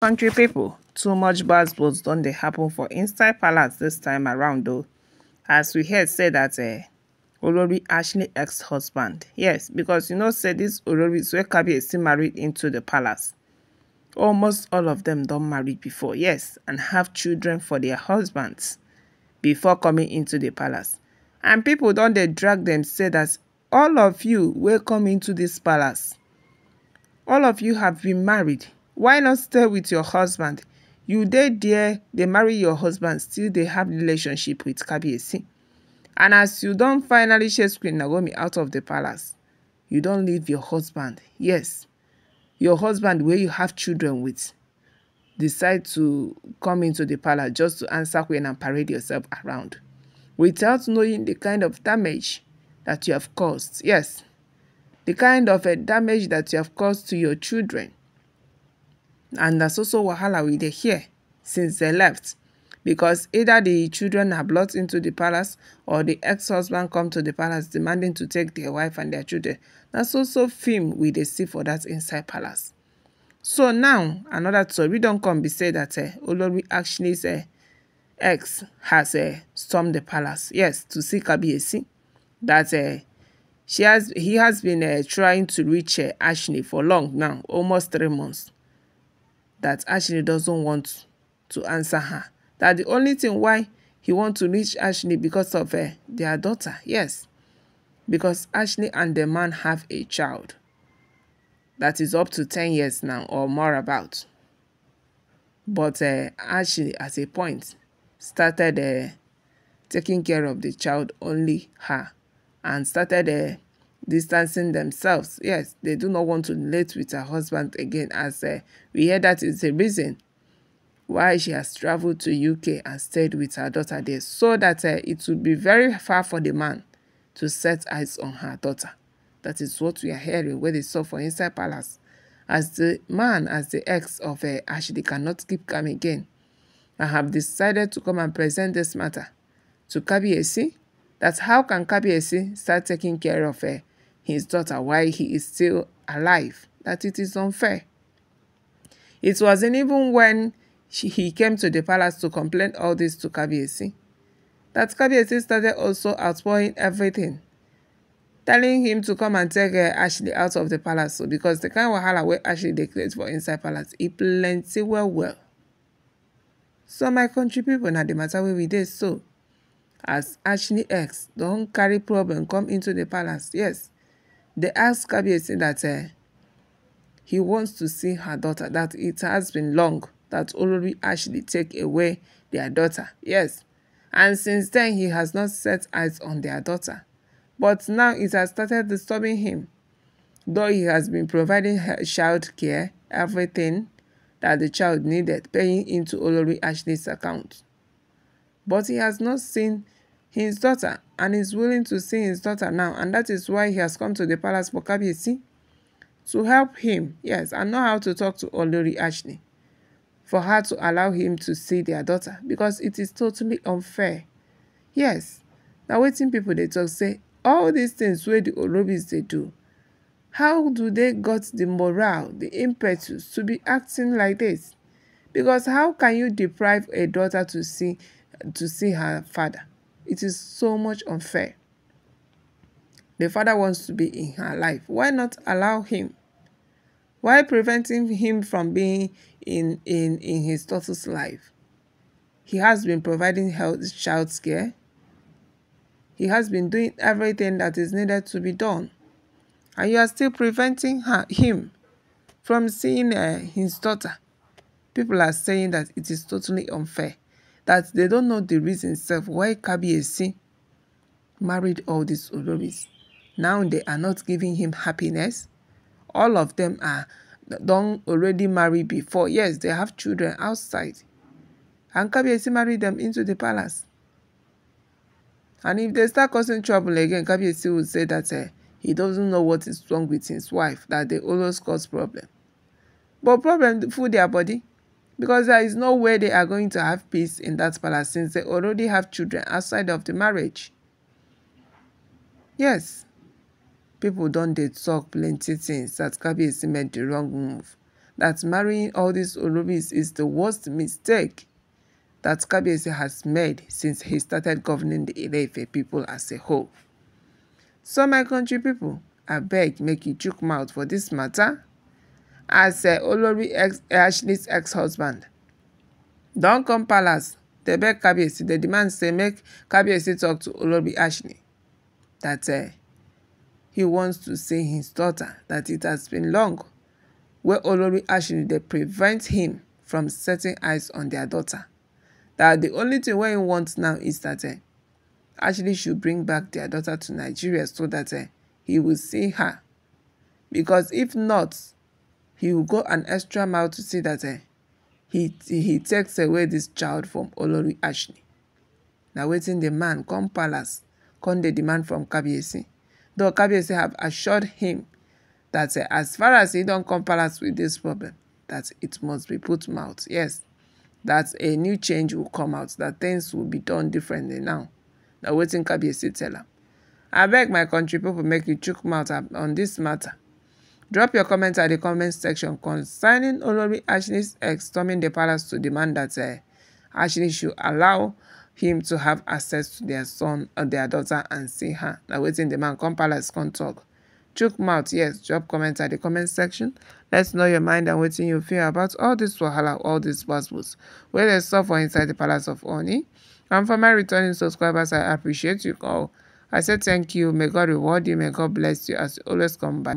Country people, too much bad blood done they happen for inside palace this time around though. as we heard say that eh Olori Ashley ex-husband yes because you know say dis Oloris wey still married into the palace almost all of don't marry before yes and have children for their husbands before coming into the palace and people don't they drag them say that all of you will come into this palace all of you have been married why not stay with your husband you dey there They marry your husband still they have relationship with kabiyesi and as you don't finally chase queen Nagomi out of the palace you don't leave your husband yes your husband where you have children with decide to come into the palace just to answer queen and parade yourself around without knowing the kind of damage that you have caused yes the kind of a eh, damage that you have caused to your children And that's also wahala we dey hear since they left. Because either the children are brought into the palace or the ex-husband come to the palace demanding to take their wife and their children. That's also film we dey see for that inside palace. So now, another story don come be say that uh, Olori actually say, eh, ex has uh, stormed the palace, yes, to see Kabiyesi. That uh, she has, he has been uh, trying to reach uh, Ashley for long now, almost three months. that Ashley doesn't want to answer her. That the only thing why he wants to reach Ashley because of eh, their daughter. Yes, because Ashley and the man have a child that is up to 10 years now or more about. But uh, Ashley, at a point, started uh, taking care of the child only her and started distancing themselves. Yes, they do not want to relate with her husband again as uh, we hear that is the reason why she has traveled to UK and stayed with her daughter there so that uh, it would be very far for the man to set eyes on her daughter. That is what we are hearing where they saw for inside palace. As the man, as the ex of uh, Ashley cannot keep calm again and have decided to come and present this matter to Kabiesi that how can Kabiesi start taking care of her his daughter while he is still alive, that it is unfair. It wasn't even when she, he came to the palace to complain all this to Kabiesi that Kabiesi started also outpouring everything, telling him to come and take uh, Ashley out of the palace because the kind of wahala where Ashley declared for inside palace, he plenty well well. So my country people now the matter where we did so. As Ashley X, don't carry problem come into the palace. Yes, they asked Kabiyesi that uh, he wants to see her daughter, that it has been long that Olori actually take away their daughter. Yes. And since then, he has not set eyes on their daughter. But now it has started disturbing him. Though he has been providing her child care, everything that the child needed, paying into Olori Ashley's account. But he has not seen his daughter and is willing to see his daughter now and that is why he has come to the palace for Kabiyesi to help him yes and know how to talk to Olori Ashley for her to allow him to see their daughter because it is totally unfair yes na waiting people they talk say all these things where the Orobis they do how do they got the morale the impetus to be acting like this because how can you deprive a daughter to see to see her father it is so much unfair. The father wants to be in her life. Why not allow him? Why preventing him from being in, in, in his daughter's life? He has been providing health child care. He has been doing everything that is needed to be done. And you are still preventing her, him from seeing uh, his daughter. People are saying that it is totally unfair that they don't know the reason self why Kabiesi married all these Olobis. Now they are not giving him happiness. All of them are done already married before. Yes, they have children outside. And Kabiesi married them into the palace. And if they start causing trouble again, Kabiesi will say that uh, he doesn't know what is wrong with his wife, that they always cause problem. But problem food their body because there is no way they are going to have peace in that palace since they already have children outside of the marriage. Yes, people don dey talk plenty things that Kabiyesi made the wrong move. That marrying all these Olubis is the worst mistake that Kabiyesi has made since he started governing the ile people as a whole. So my country people, beg, make you choke mouth for this matter as uh, Olori ex uh, Ashley's ex-husband. Don come palace, they beg Kabiyesi, they demand say make talk to Olori Ashley that uh, he wants to see his daughter, that it has been long where Olori Ashley they prevent him from setting eyes on their daughter. That the only thing where he wants now is that uh, Ashley should bring back their daughter to Nigeria so that uh, he will see her. Because if not, he will go an extra mile to see that uh, he, he takes away this child from Olori Ashni. Now waiting the man come palace, come the demand from Kabiesi. Though Kabiesi have assured him that uh, as far as he don't come palace with this problem, that it must be put mouth. Yes, that a new change will come out, that things will be done differently now. Now waiting Kabiesi tell him. I beg my country people make you chook mouth on this matter. Drop your comments at the comment section concerning Olori ex storming the palace to demand that uh, eh, Ashini should allow him to have access to their son or uh, their daughter and see her. Now waiting the man come palace come talk. Chook mouth, yes, drop comments at the comment section. Let's know your mind and waiting you feel about all this wahala, all these buzzwords. Where they suffer inside the palace of Oni. And for my returning subscribers, I appreciate you all. I said thank you. May God reward you. May God bless you as you always come back.